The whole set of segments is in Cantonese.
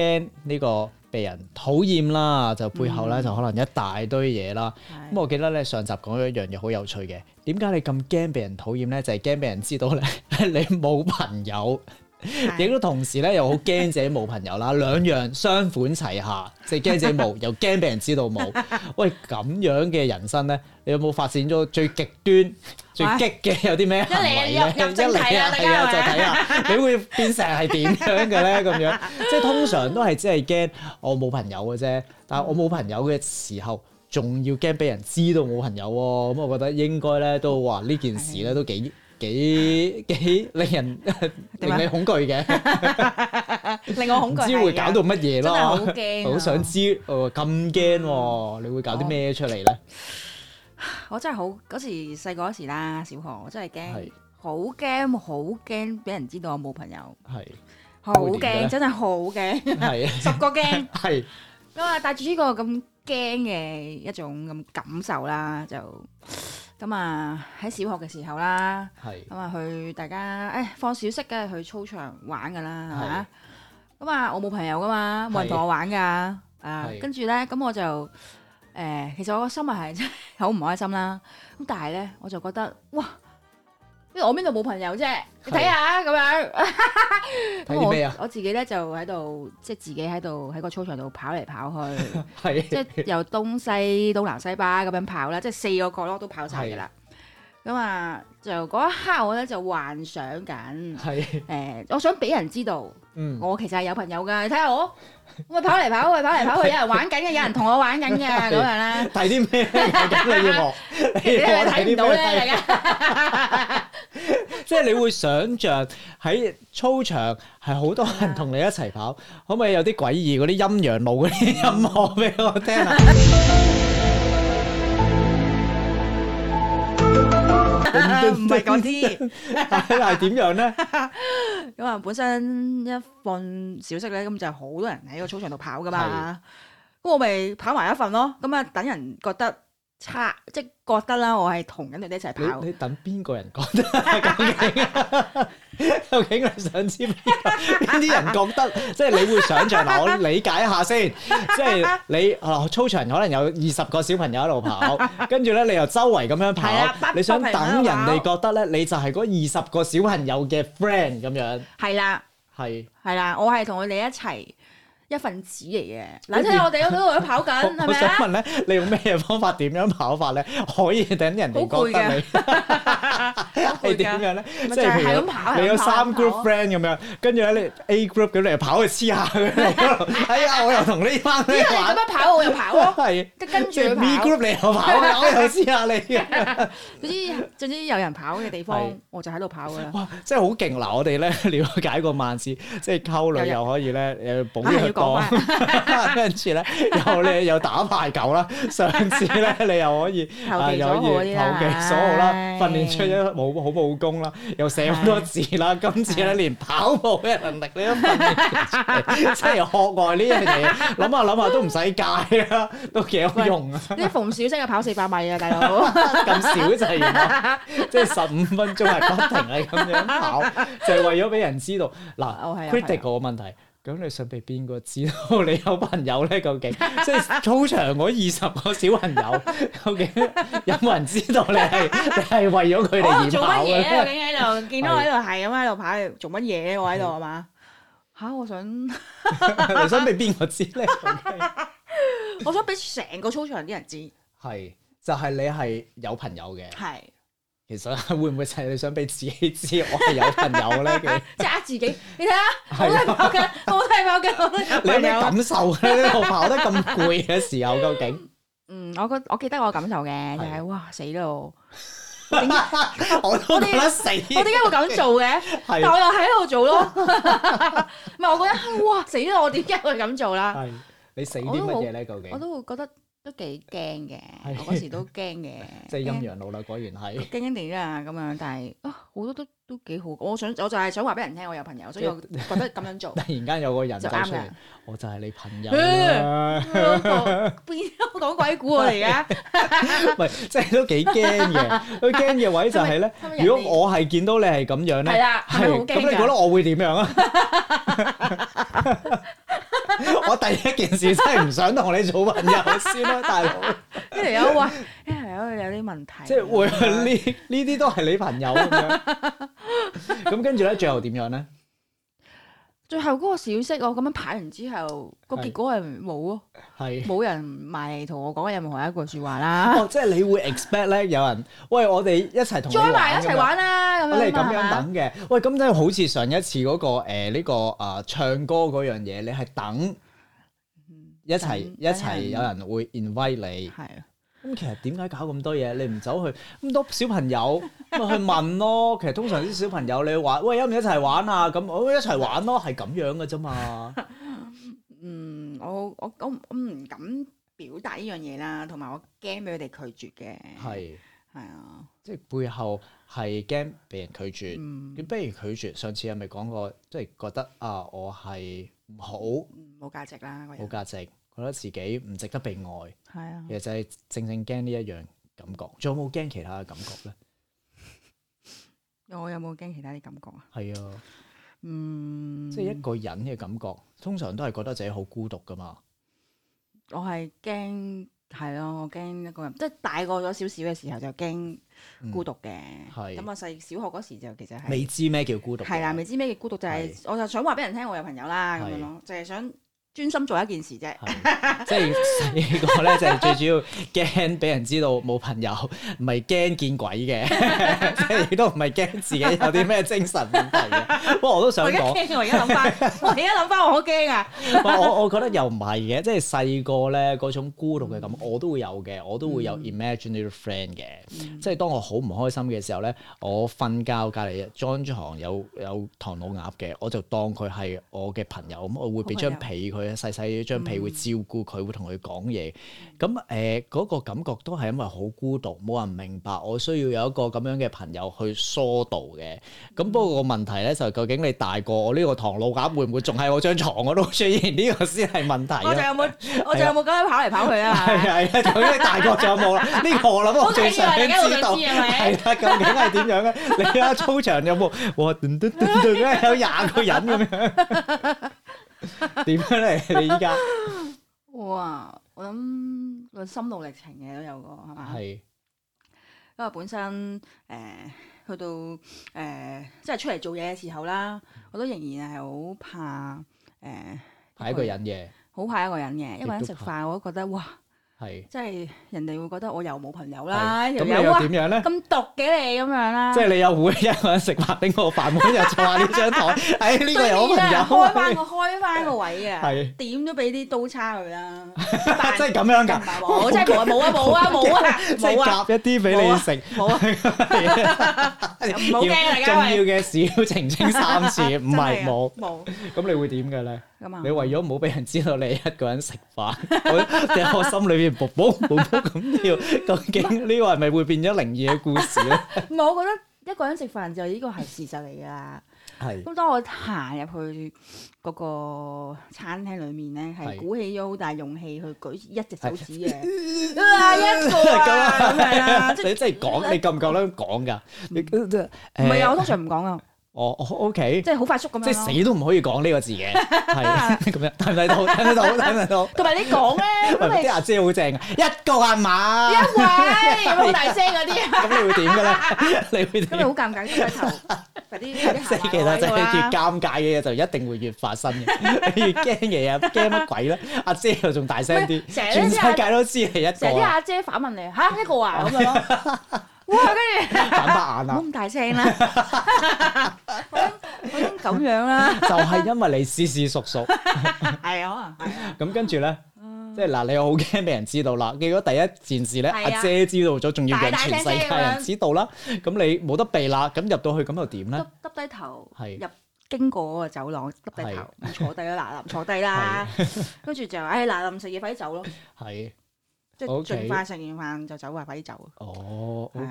驚呢個被人討厭啦，就背後咧、嗯、就可能一大堆嘢啦。咁、嗯、我記得咧上集講咗一樣嘢好有趣嘅，點解你咁驚被人討厭咧？就係、是、驚被人知道咧你冇朋友。亦都同時咧，又好驚自己冇朋友啦，兩樣雙管齊下，即係驚自己冇，又驚俾人知道冇。喂，咁樣嘅人生咧，你有冇發展咗最極端、最激嘅有啲咩行為咧？一嚟來啊，入、啊、再睇下，啊、你會變成係點樣嘅咧？咁樣即係通常都係，即係驚我冇朋友嘅啫。但係我冇朋友嘅時候，仲要驚俾人知道冇朋友、哦。咁我覺得應該咧都哇，呢件事咧都幾。幾幾令人令你恐懼嘅，令我恐懼，知會搞到乜嘢咯？真係好驚，好想知。哦，咁驚，你會搞啲咩出嚟咧？我真係好嗰時細個嗰時啦，小學我真係驚，好驚，好驚，俾人知道我冇朋友，係好驚，真係好驚，係十個驚，係咁啊！帶住呢個咁驚嘅一種咁感受啦，就。咁啊，喺、嗯、小學嘅時候啦，咁啊是、嗯、去大家，誒、哎、放小息梗係去操場玩噶啦，係是、啊嗯、咪？咁啊，我冇朋友噶嘛，冇人同我玩噶，是啊，跟住咧，咁、嗯、我就誒、呃，其實我個心係真係好唔開心啦。咁但係咧，我就覺得哇～因為我邊度冇朋友啫，你睇下咁樣。睇咩啊？我自己咧就喺度，即係自己喺度喺個操場度跑嚟跑去，即係由東西到南西巴咁樣跑啦，即係四個角落都跑晒嘅啦。咁啊，就嗰一刻我咧就幻想緊，誒，我想俾人知道，我其實係有朋友噶。你睇下我，我跑嚟跑去，跑嚟跑去，有人玩緊嘅，有人同我玩緊嘅咁樣啦。睇啲咩？你都睇唔到咧，大家。即係你會想象喺操場係好多人同你一齊跑，可唔可以有啲詭異嗰啲陰陽路嗰啲音樂俾我聽啊？唔係嗰啲，係咪點樣咧？咁啊，本身一放小息咧，咁就好多人喺個操場度跑噶嘛。咁我咪跑埋一份咯。咁啊，等人覺得。差即係覺得啦，我係同緊你哋一齊跑。你等邊個人覺得究竟？究竟你想知邊啲人覺得？即係你會想象，我理解一下先。即係你啊操場可能有二十個小朋友一路跑，跟住咧你又周圍咁樣跑。你想等人哋覺得咧，你就係嗰二十個小朋友嘅 friend 咁樣。係啦，係係啦，我係同佢哋一齊。一份子嚟嘅，嗱，睇下我哋喺度喺度跑緊，係咪我想問咧，你用咩方法，點樣跑法咧，可以等人哋覺嘅？你？好攰嘅，係點樣咧？即係譬如你有三 group friend 咁樣，跟住咧你 A group 咁又跑去黐下佢。係啊，我又同呢班咁呢跑，我又跑係跟住 B group 你又跑，我又黐下你。總之總之有人跑嘅地方，我就喺度跑噶啦。哇，真係好勁！嗱，我哋咧了解個慢事，即係溝女又可以咧，誒、跟住咧，又你又打排球啦；上次咧，你又可以啊，又可以投其所好啦，訓練唉 出一身好武功啦，又寫好多字啦。唉 今次咧，是的 連跑步嘅能力你都訓練，唉 真係學外呢樣嘢。諗下諗下都唔使戒啦，都幾有用啊！一逢小息啊，跑四百米啊，大佬咁少就係？ 即係十五分鐘係不停係咁樣跑，就係、是、為咗俾人知道嗱，critical 嘅問題。咁你想俾邊個知道你有朋友咧？究竟即係操場嗰二十個小朋友，究竟有冇人知道你係係 為咗佢哋而、 啊、做嘢？究竟喺度見到我喺度係咁喺度跑，做乜嘢？我喺度係嘛？吓、啊！我想， 你想俾邊個知咧？ 我想俾成個操場啲人知。係，就係、是、你係有朋友嘅。係。其實會唔會就係你想俾自己知我係有朋友咧？揸自己，你睇下，我係跑緊，我係跑緊，我你有冇感受咧？我跑得咁攰嘅時候，究竟？嗯，我覺我記得我感受嘅就係哇死咯！我點解死？我點解會咁做嘅？但係我又喺度做咯。唔係我覺得哇死咯！我點解會咁做啦？你死啲乜嘢咧？究竟我都會覺得。都幾驚嘅，我嗰時都驚嘅，即陰陽路啦，果然係驚驚地啦咁樣，但係啊好多都都幾好，我想我就係想話俾人聽，我有朋友，所以我覺得咁樣做，突然間有個人就啱嘅，我就係你朋友，變咗講鬼故嚟嘅，唔係即係都幾驚嘅，佢驚嘅位就係咧，如果我係見到你係咁樣咧，係啊，咁你覺得我會點樣啊？第一件事真係唔想同你做朋友先咯，大佬。一嚟有話，一嚟有有啲問題。即係會去呢？呢啲都係你朋友咁樣。咁跟住咧，最後點樣咧？最後嗰個小息，我咁樣排完之後，個結果係冇啊，係冇人埋嚟同我講任何一句説話啦。哦，即係你會 expect 咧，有人喂我哋一齊同 join 埋一齊玩啦，你係咁樣等嘅。喂，咁真係好似上一次嗰個誒呢個啊唱歌嗰樣嘢，你係等，一齊一齊，有人會 invite 你。係啊，咁其實點解搞咁多嘢？你唔走去咁多小朋友，咪去問咯。其實通常啲小朋友你去玩，喂，有冇一齊玩啊？咁我會一齊玩咯，係咁樣嘅啫嘛。嗯，我我我我唔敢表達呢樣嘢啦，同埋我驚俾佢哋拒絕嘅。係係啊，即係背後係驚俾人拒絕。咁不如拒絕。上次係咪講過，即係覺得啊，我係。唔好，冇價值啦！冇價值，覺得自己唔值得被愛，係啊，其實就係正正驚呢一樣感覺。仲有冇驚其他嘅感覺咧？ 我有冇驚其他啲感覺啊？係啊，嗯，即係一個人嘅感覺，通常都係覺得自己好孤獨噶嘛。我係驚。係咯，我驚一個人，即係大個咗少少嘅時候就驚孤獨嘅。咁啊細小學嗰時就其實係未知咩叫孤獨。係啦，未知咩叫孤獨就係、是，的我就想話俾人聽我有朋友啦咁樣咯，的就係想。專心做一件事啫，即係細個咧，就係最主要驚俾人知道冇朋友，唔係驚見鬼嘅，即係亦都唔係驚自己有啲咩精神問題嘅。不過我都想講，驚，我而家諗翻，我而家諗翻， 我，我好驚啊！ 我我覺得又唔係嘅，即係細個咧嗰種孤獨嘅感，嗯、我都會有嘅、嗯，我都會有 imaginary friend 嘅。即係當我好唔開心嘅時候咧，我瞓覺隔籬張床有有唐老鴨嘅，我就當佢係我嘅朋友，咁我會俾張被佢。細細張被會照顧佢，會同佢講嘢，咁誒嗰個感覺都係因為好孤獨，冇人明白我需要有一個咁樣嘅朋友去疏導嘅。咁不過個問題咧，就究竟你大過我呢個唐老鴨會唔會仲係我張床嗰度最認呢個先係問題。我仲有冇？我仲有冇咁樣跑嚟跑去啊？係係，究竟你大過我仲有冇啦，呢個我諗我我最想知道係啦，究竟係點樣咧？你喺操場有冇哇？有廿個人咁樣。點樣嚟？你依家哇，我諗論心路歷程嘅都有個係嘛？係，是因為本身誒、呃、去到誒、呃、即係出嚟做嘢嘅時候啦，我都仍然係好怕誒，係一個人嘅，好怕一個人嘅，一個人食飯我都覺得哇。係，即係人哋會覺得我又冇朋友啦，咁又會點樣咧？咁毒嘅你咁樣啦，即係你又會一個人食埋另一個飯碗，又坐喺呢張台，哎，呢個又朋友開翻個開翻個位嘅，係，點都俾啲刀叉佢啦？真係咁樣噶，我真係冇冇啊，冇啊，冇啊！即係夾一啲俾你食，冇啊！重要嘅事要澄清三次，唔係冇冇，咁你會點嘅咧？你為咗唔好俾人知道你一個人食飯，我心裏邊卟卟卟卟咁跳，究竟呢個係咪會變咗靈異嘅故事咧？唔係，我覺得一個人食飯就呢個係事實嚟噶啦。係。咁當我行入去嗰個餐廳裏面咧，係鼓起咗好大勇氣去舉一隻手指嘅，一個啊，係啊。你真係講，你夠唔夠膽講㗎？唔係啊，我通常唔講啊。哦，OK，即係好快速咁樣，即係死都唔可以講呢個字嘅，係咁樣，聽唔聽到？聽得到？聽唔聽到？同埋你講咧，啲阿姐好正，一個阿媽，一位，好大聲嗰啲，咁你會點嘅咧？你會？咁咪好尷尬，轉頭快啲，聲其他就越尷尬嘅嘢就一定會越發生嘅，越驚嘅嘢，驚乜鬼咧？阿姐又仲大聲啲，全世界都知你一個，啲阿姐反問你，吓一個啊，咁樣咯。跟住，反白眼啦，咁大聲啦，我我咁樣啦，就係因為你事事熟熟，係啊，係啊，咁跟住咧，即係嗱，你又好驚俾人知道啦。如果第一件事咧，阿姐知道咗，仲要讓全世界人知道啦，咁你冇得避啦。咁入到去咁又點咧？耷低頭，入經過嗰個走廊，耷低頭，坐低啦，嗱，唔坐低啦，跟住就，哎，嗱，唔食嘢，快啲走咯，係。即係食完飯食完飯就走啊，快啲走哦，OK，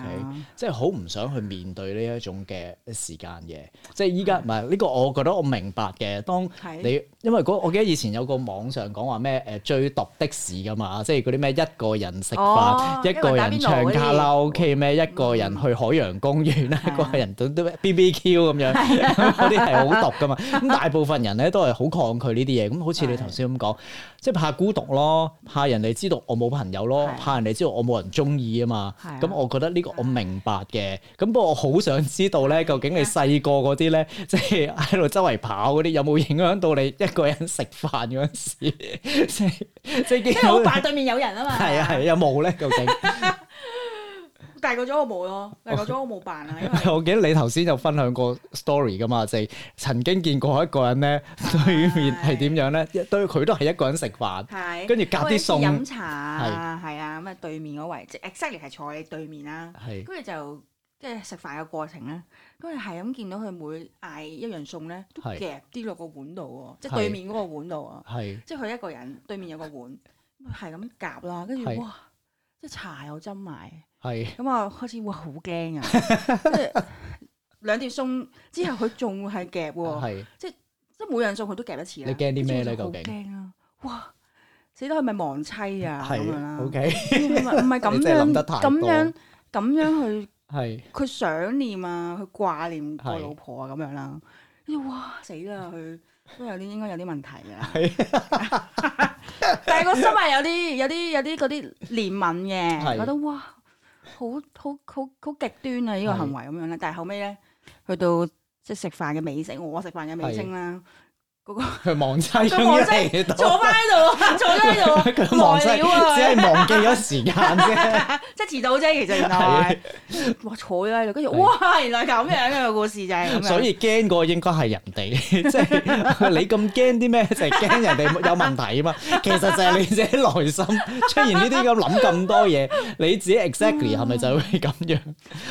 即係好唔想去面對呢一種嘅時間嘅，即係依家唔係呢個，我覺得我明白嘅。當你因為我記得以前有個網上講話咩誒追毒的士噶嘛，即係嗰啲咩一個人食飯，一個人唱卡拉 OK 咩，一個人去海洋公園，一個人都 BBQ 咁樣嗰啲係好毒噶嘛。咁大部分人咧都係好抗拒呢啲嘢。咁好似你頭先咁講，即係怕孤獨咯，怕人哋知道我冇朋。有咯，怕人哋知道我冇人鍾意啊嘛。咁、啊嗯、我覺得呢個我明白嘅。咁、啊、不過我好想知道咧，究竟你細個嗰啲咧，即係喺度周圍跑嗰啲，有冇影響到你一個人食飯嗰陣時？啊、 即係即係好快對面有人啊嘛。係啊係，啊啊有冇咧？究竟？ 大個咗我冇咯，大個咗我冇辦啦，因為我記得你頭先就分享過 story 噶嘛，就係曾經見過一個人咧對面係點樣咧，對佢都係一個人食飯，跟住夾啲餸，飲茶，係啊，咁啊對面嗰位，exactly 係坐喺對面啦，跟住就即係食飯嘅過程咧，跟住係咁見到佢每嗌一樣餸咧，都夾啲落個碗度喎，即係對面嗰個碗度啊，即係佢一個人對面有個碗，係咁夾啦，跟住哇，即係茶又斟埋。係咁啊！開始哇，好驚啊！即係兩碟餸之後，佢仲係夾喎，即係即係每樣餸佢都夾一次。你驚啲咩咧？好驚啊！哇！死得佢係咪亡妻啊？咁樣啦，唔係唔係咁樣，咁樣咁樣去，係佢想念啊，去掛念個老婆啊，咁樣啦。哇！死啦！佢都有啲應該有啲問題啦。但係個心係有啲有啲有啲嗰啲憐憫嘅，覺得哇！好好好好極端啊！呢、這個行為咁樣咧，的但係後尾咧，去到即係食飯嘅尾聲，我食飯嘅尾聲啦。嗰個佢忘記咁樣坐翻喺度，坐翻喺度忘咗啊！只係忘記咗時間啫，即係遲到啫。其實原來哇，坐喺度，跟住哇，原來咁樣嘅故事就係咁。所以驚過應該係人哋，即係你咁驚啲咩？就係驚人哋有問題啊嘛。其實就係你自己內心出現呢啲咁諗咁多嘢，你自己 exactly 係咪就會咁樣？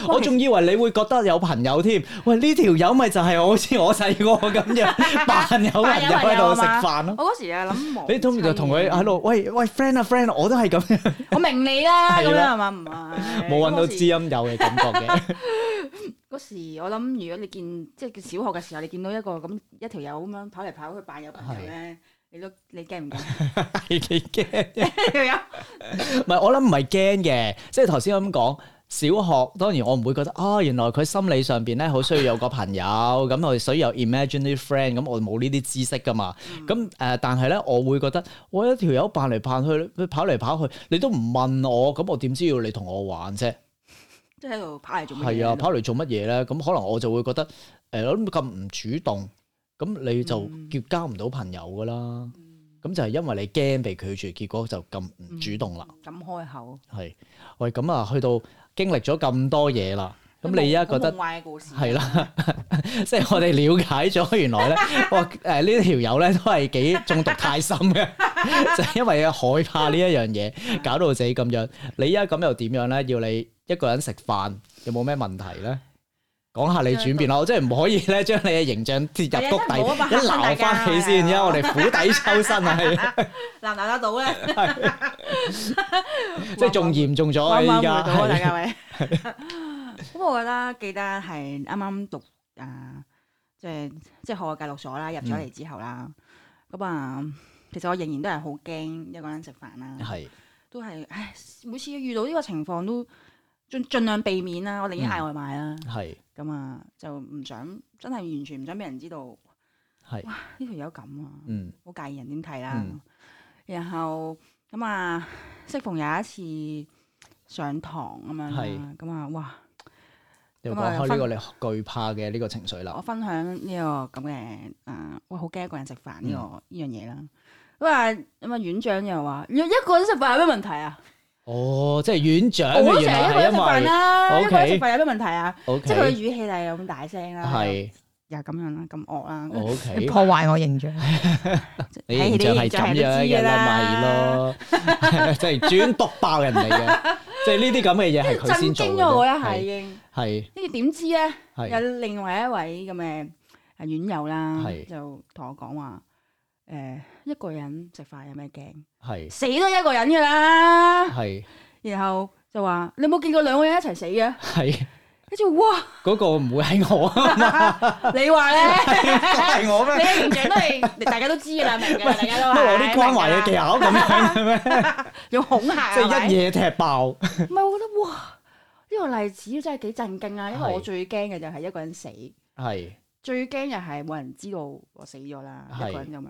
我仲以為你會覺得有朋友添。喂，呢條友咪就係好似我細個咁樣扮有。入翻到食飯咯！我嗰時啊諗忙，你通常就同佢喺度喂喂 friend 啊 friend，我都係咁。我明你啦，咁樣係嘛，唔係，冇搵到知音友嘅感覺嘅。嗰時我諗，如果你見即係小學嘅時候，你見到一個咁一條友咁樣跑嚟跑去扮友咁樣，你都你驚唔驚？你幾驚？一條友？唔係我諗唔係驚嘅，即係頭先我咁講。小學當然我唔會覺得啊，原來佢心理上邊咧好需要有個朋友咁，我所以有 imaginary friend 咁，我冇呢啲知識噶嘛。咁誒，但係咧我會覺得，我一條友扮嚟扮去，跑嚟跑去，你都唔問我，咁我點知要你同我玩啫？即係喺度跑嚟做乜嘢？係啊，跑嚟做乜嘢咧？咁可能我就會覺得誒，我咁唔主動，咁你就結交唔到朋友噶啦。咁就係因為你驚被拒絕，結果就咁唔主動啦。咁開口係喂咁啊？去到經歷咗咁多嘢啦，咁你而家覺得係啦，即係是的 我哋了解咗，原來咧，哇， 誒、呃這個、呢條友咧都係幾中毒太深嘅， 就係因為害怕呢一樣嘢，搞到自己咁樣。你而家咁又點樣咧？要你一個人食飯，有冇咩問題咧？講下你轉變咯，即係唔可以咧將你嘅形象跌入谷底，一撈翻起先，因為我哋釜底抽薪啊，係撈唔撈得到咧？即係仲嚴重咗啊！依家係咁，我覺得記得係啱啱讀啊，即係即係渴愛戒毒所啦，入咗嚟之後啦，咁啊，其實我仍然都係好驚一個人食飯啦，係都係，唉，每次遇到呢個情況都盡盡量避免啦，我寧願嗌外賣啦，係。咁啊，就唔想真係完全唔想俾人知道，係呢條友咁啊，嗯，好介意人點睇啦。嗯、然後咁啊，適逢有一次上堂咁樣啦，咁啊是，哇！我講開呢個你懼怕嘅呢個情緒啦、嗯，我分享呢個咁嘅誒，我好驚一個人食飯呢個呢、嗯、樣嘢啦。咁啊，咁啊，院長又話，若一個人食飯有咩問題啊？哦，即係院長，一個一份啦，一個一份食飯有咩問題啊？即係佢嘅語氣係咁大聲啦，係又咁樣啦，咁惡啦，破壞我形象，形象係咁樣嘅啦，咪咯，即係轉毒爆人嚟嘅，即係呢啲咁嘅嘢係佢先做咗我一下，已經係，跟住點知咧？有另外一位咁嘅係院友啦，就同我講話。誒，一個人食飯有咩驚？係死都一個人噶啦。係然後就話你冇見過兩個人一齊死嘅？係，跟住哇，嗰個唔會係我啊？你話咧係我咩？你嘅形象都係大家都知噶啦，明噶，大家都用啲關懷嘅技巧咁樣，係咩？用恐嚇即係一夜踢爆。唔係，我覺得哇，呢個例子真係幾震驚啊！因為我最驚嘅就係一個人死，係最驚就係冇人知道我死咗啦，一個人咁樣。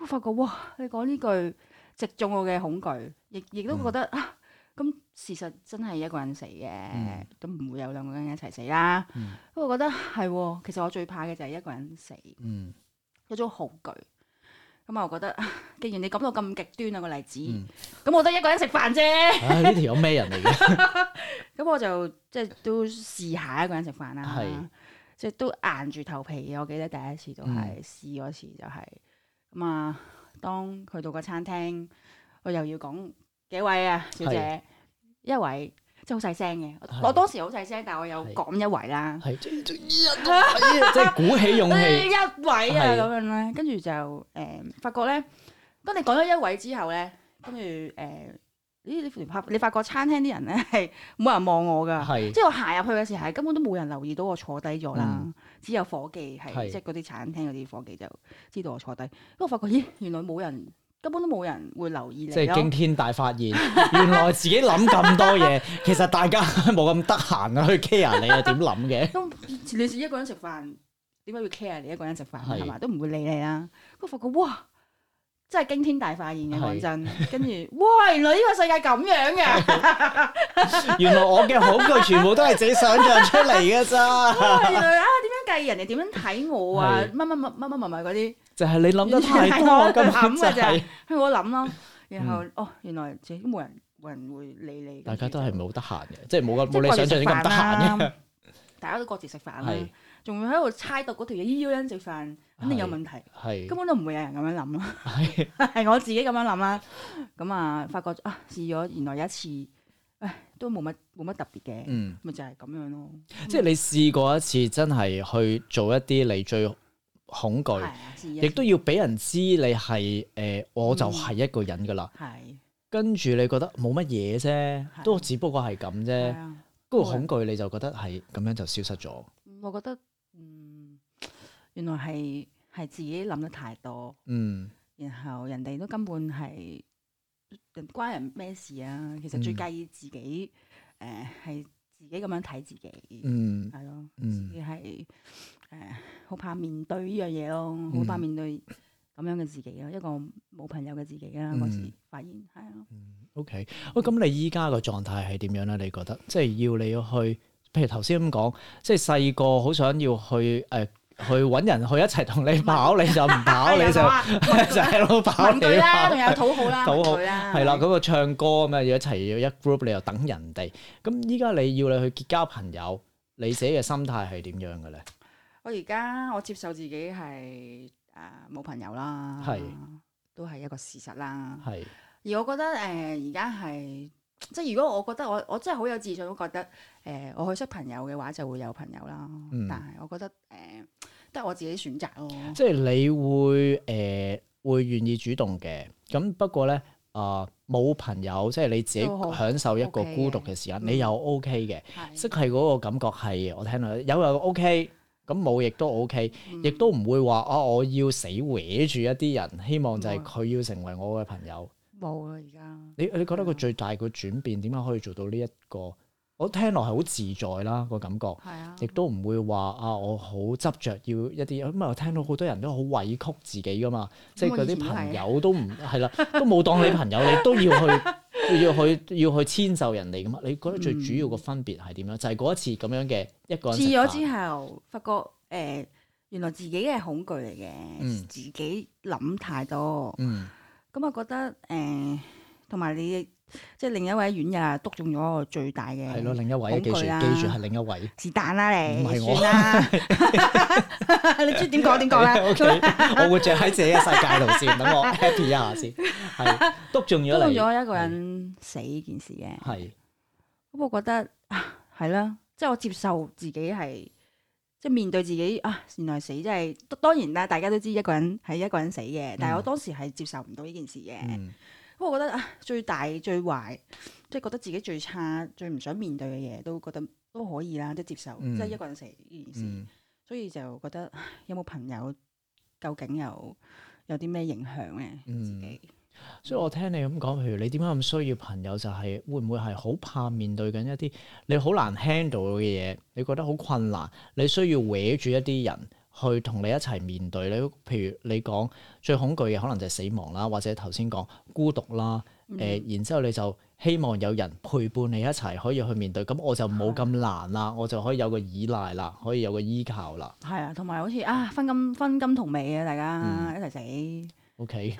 我發覺哇，你講呢句直中我嘅恐懼，亦亦都覺得啊，咁事實真係一個人死嘅，都唔會有兩個人一齊死啦。不過我覺得係，其實我最怕嘅就係一個人死，一種恐懼。咁啊，我覺得既然你感到咁極端啊，個例子，咁我都一個人食飯啫。呢條有咩人嚟嘅？咁我就即係都試下一個人食飯啦。係，即係都硬住頭皮。我記得第一次就係試嗰次就係。咁啊，當去到個餐廳，我又要講幾位啊小姐，一位， 即係好細聲嘅。我當時好細聲，但係我有講一位啦，即係鼓起勇氣一位啊咁樣咧。跟住是就誒、呃，發覺咧，當你講咗一位之後咧，跟住誒，咦你你你發你發覺餐廳啲人咧係冇人望我噶，是即係我行入去嘅時候係根本都冇人留意到我坐低咗啦。嗯只有伙計係，是即係嗰啲餐廳嗰啲伙計就知道我坐低。不過我發覺咦，原來冇人根本都冇人會留意你。即係驚天大發現， 原來自己諗咁多嘢，其實大家冇咁得閒啊，去 care 你啊，點諗嘅。咁你係一個人食飯，點解會 care 你一個人食飯係嘛是？都唔會理你啦。不過我發覺哇～真係驚天大發現嘅，講真，跟住哇，原來呢個世界咁樣嘅，原來我嘅恐懼全部都係自己想象出嚟嘅咋。原來啊，點樣計人哋點樣睇我啊？乜乜乜乜乜乜乜嗰啲，就係你諗得太多咁諗嘅啫。係我諗咯，然後哦，原來自己都冇人冇人會理你。大家都係冇得閒嘅，即係冇咁冇你想象咁得閒嘅，大家都各自食飯啦。仲要喺度猜度嗰條嘢，一個人食飯肯定有問題，係根本都唔會有人咁樣諗咯。係，係我自己咁樣諗啦。咁啊，發覺啊，試咗原來有一次，唉，都冇乜冇乜特別嘅，咪、嗯、就係咁樣咯。嗯、即係你試過一次，真係去做一啲你最恐懼，亦、啊、都要俾人知你係誒、呃，我就係一個人噶啦。係、嗯。跟住你覺得冇乜嘢啫，都只不過係咁啫。嗰、啊、個恐懼你就覺得係咁樣就消失咗。我覺得。原來係係自己諗得太多，嗯，然後人哋都根本係關人咩事啊？其實最介意自己，誒、嗯、係、呃、自己咁樣睇自己，嗯，係咯，嗯，係、呃、誒，好怕面對呢樣嘢咯，好怕面對咁樣嘅自，、嗯、自己咯，一個冇朋友嘅自己啦，我時發現係咯，嗯，OK，喂、嗯、咁、哦、你依家個狀態係點樣咧？你覺得，即係要你要去，譬如頭先咁講，即係細個好想要去誒。就是去揾人去一齊同你跑，你就唔跑，你就就係咯跑你跑啦，仲有討好啦，討好啦，係啦。咁個唱歌咁樣要一齊要一 group，你又等人哋。咁依家你要你去結交朋友，你自己嘅心態係點樣嘅咧？我而家我接受自己係誒冇朋友啦，係的都係一個事實啦。係的的而我覺得誒而家係。呃即係如果我覺得我我真係好有自信，覺得誒我去識朋友嘅話就會、呃、有朋友啦。但係我覺得誒都係我自己選擇咯。即係你會誒會願意主動嘅。咁不過咧啊，冇朋友即係你自己享受一個孤獨嘅時間，很你又 OK 嘅。是即係嗰個感覺係我聽到有又 OK，咁冇亦都 OK，亦都唔會話啊！我要死搲住一啲人，希望就係佢要成為我嘅朋友。冇啊，而家你你覺得個最大個轉變點解可以做到呢、這、一個？我聽落係好自在啦個感覺，係啊的，亦都唔會話啊，我好執着要一啲，因為我聽到好多人都好委屈自己噶嘛，嗯、即係嗰啲朋友都唔係啦，都冇當你朋友，你都要去 要去要去遷就人哋噶嘛。你覺得最主要個分別係點樣？就係嗰一次咁樣嘅一個人食飯。試咗之後，發覺誒、呃，原來自己係恐懼嚟嘅，嗯、自己諗太多。嗯。咁我覺得誒，同埋你即係另一位院友，篤中咗我最大嘅係咯，另一位記住記住係另一位是但啦，你，唔係我，算了 你知點講點講啦，okay. 我會着喺自己嘅世界度先，等 我 happy 一下先，篤 中咗，篤中咗一個人死件事嘅，咁是我覺得係啦，即係我接受自己係。即係面對自己啊，原來死即係當然啦，大家都知一個人係一個人死嘅。嗯、但係我當時係接受唔到呢件事嘅，因、嗯、我覺得啊，最大最壞，即係覺得自己最差、最唔想面對嘅嘢，都覺得都可以啦，即係接受，即係、嗯、一個人死呢件事。嗯、所以就覺得有冇朋友，究竟有有啲咩影響呢？嗯、自己。所以我聽你咁講，譬如你點解咁需要朋友，就係、是、會唔會係好怕面對緊一啲你好難 handle 嘅嘢？你覺得好困難，你需要搲住一啲人去同你一齊面對你，譬如你講最恐懼嘅可能就係死亡啦，或者頭先講孤獨啦，誒、嗯呃，然之後你就希望有人陪伴你一齊可以去面對。咁我就冇咁難啦，的我就可以有個依賴啦，可以有個依靠啦。係啊，同埋好似啊，分金分金同味啊，大家、嗯、一齊死。O K，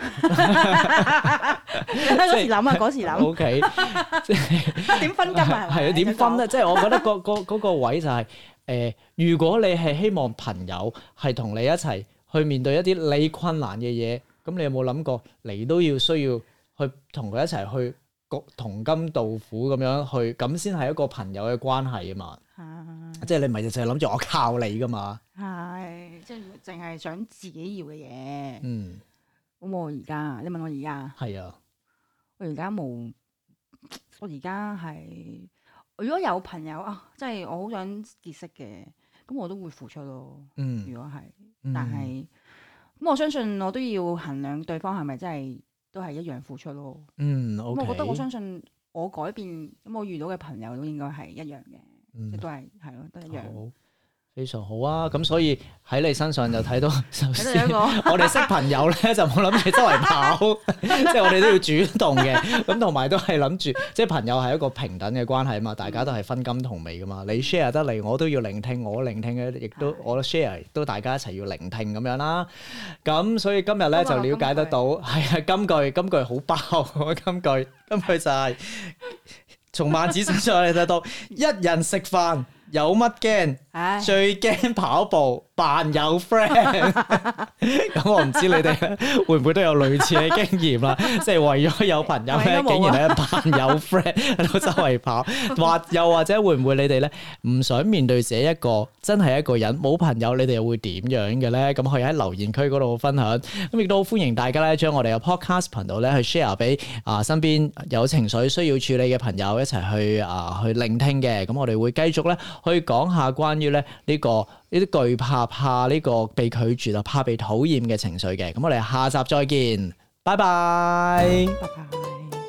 嗰時諗啊，嗰時諗。O K，點分金啊？係啊，點分呢？即係我覺得嗰嗰嗰個位就係誒，如果你係希望朋友係同你一齊去面對一啲你困難嘅嘢，咁你有冇諗過你都要需要去同佢一齊去共同甘共苦咁樣去，咁先係一個朋友嘅關係啊嘛。啊，即係你咪就淨係諗住我靠你噶嘛。係，即係淨係想自己要嘅嘢。嗯。咁我而家，你問我而家，係啊，我而家冇，我而家係，如果有朋友啊，即係我好想結識嘅，咁我都會付出咯。嗯，如果係，但係，咁我相信我都要衡量對方係咪真係都係一樣付出咯。嗯，我我覺得我相信我改變，咁我遇到嘅朋友都應該係一樣嘅。嗯，即都係係咯，都一樣。非常好啊，咁所以喺你身上就睇到首先，我哋識朋友咧就冇諗住周圍跑，即係我哋都要主動嘅，咁同埋都係諗住，即係朋友係一個平等嘅關係啊嘛，大家都係分甘同味噶嘛，你 share 得嚟，我都要聆聽，我聆聽嘅，亦都我 share 都大家一齊要聆聽咁樣啦。咁所以今日咧就了解得到，係啊，金句，金句好爆喎！金句，金句就係從萬子身上嚟睇到一人食飯。有乜驚？最驚跑步扮有 friend。咁我唔知你哋會唔會都有類似嘅經驗啦，即係為咗有朋友咧，竟然咧扮有 friend 喺度周圍跑，或又或者會唔會你哋咧唔想面對自己一個真係一個人冇朋友，你哋又會點樣嘅咧？咁可以喺留言區嗰度分享。咁亦都好歡迎大家咧，將我哋嘅 podcast 頻道咧去 share 俾啊身邊有情緒需要處理嘅朋友一齊去啊去聆聽嘅。咁我哋會繼續咧。可以講下關於咧、這、呢個呢啲懼怕，怕呢個被拒絕啊，怕被討厭嘅情緒嘅，咁我哋下集再見，拜拜。拜拜。